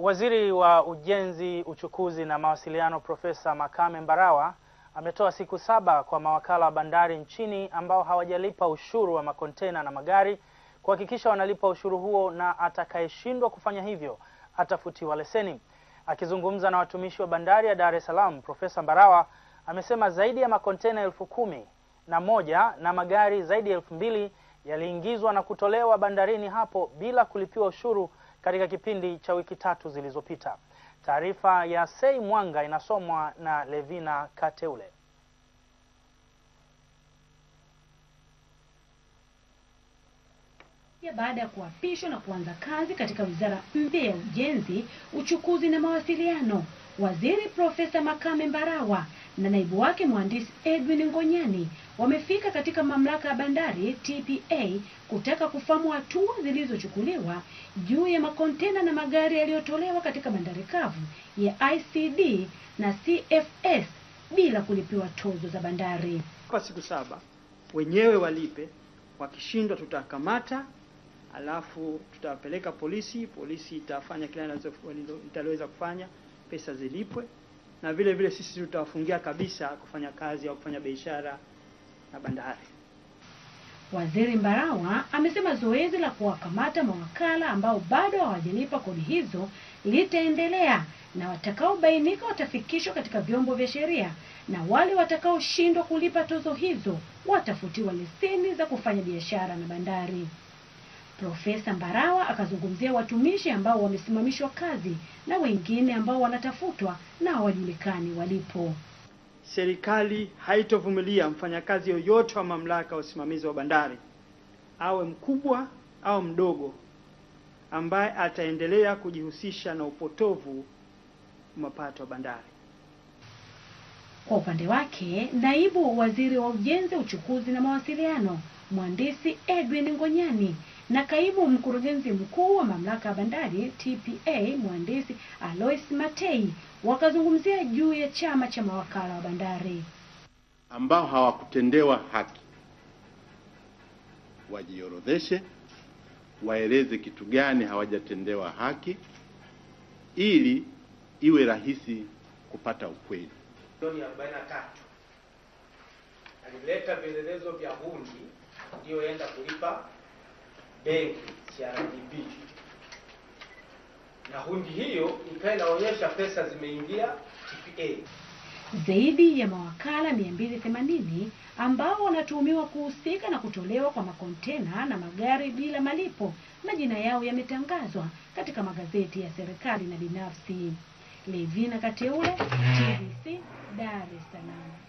Waziri wa Ujenzi, Uchukuzi na Mawasiliano Profesa Makame Mbarawa ametoa siku saba kwa mawakala wa bandari nchini ambao hawajalipa ushuru wa makontena na magari kuhakikisha wanalipa ushuru huo na atakayeshindwa kufanya hivyo atafutiwa leseni. Akizungumza na watumishi wa bandari ya Dar es Salaam, Profesa Mbarawa amesema zaidi ya makontena elfu kumi na moja na magari zaidi ya elfu mbili yaliingizwa na kutolewa bandarini hapo bila kulipiwa ushuru katika kipindi cha wiki tatu zilizopita. Taarifa ya Sei Mwanga inasomwa na Levina Kateule. Baada ya kuapishwa na kuanza kazi katika wizara mpya ya ujenzi, uchukuzi na mawasiliano, waziri Profesa Makame Mbarawa na naibu wake mhandisi Edwin Ngonyani wamefika katika mamlaka ya bandari TPA kutaka kufahamu hatua zilizochukuliwa juu ya makontena na magari yaliyotolewa katika bandari kavu ya ICD na CFS bila kulipiwa tozo za bandari. Kwa siku saba wenyewe walipe, wakishindwa tutakamata, alafu tutawapeleka polisi, polisi itafanya kila italoweza kufanya, pesa zilipwe, na vile vile sisi tutawafungia kabisa kufanya kazi au kufanya biashara na bandari. Waziri Mbarawa amesema zoezi la kuwakamata mawakala ambao bado hawajalipa kodi hizo litaendelea na watakaobainika watafikishwa katika vyombo vya sheria na wale watakaoshindwa kulipa tozo hizo watafutiwa leseni za kufanya biashara na bandari. Profesa Mbarawa akazungumzia watumishi ambao wamesimamishwa kazi na wengine ambao wanatafutwa na hawajulikani walipo serikali haitovumilia mfanyakazi yoyote wa mamlaka ya usimamizi wa bandari awe mkubwa au mdogo ambaye ataendelea kujihusisha na upotovu mapato ya bandari. Kwa upande wake, naibu waziri wa ujenzi, uchukuzi na mawasiliano, mhandisi Edwin Ngonyani na kaimu mkurugenzi mkuu wa mamlaka ya bandari TPA mhandisi Alois Matei wakazungumzia juu ya chama cha mawakala wa bandari ambao hawakutendewa haki wajiorodheshe, waeleze kitu gani hawajatendewa haki ili iwe rahisi kupata ukweli. Milioni 43 alileta vielelezo vya hundi iliyoenda kulipa benki CRDB, na hundi hiyo ikawa inaonyesha pesa zimeingia TPA. Zaidi ya mawakala 280 ambao wanatuhumiwa kuhusika na kutolewa kwa makontena na magari bila malipo, majina yao yametangazwa katika magazeti ya serikali na binafsi. Levina Kateule, TBC, Dar es Salaam.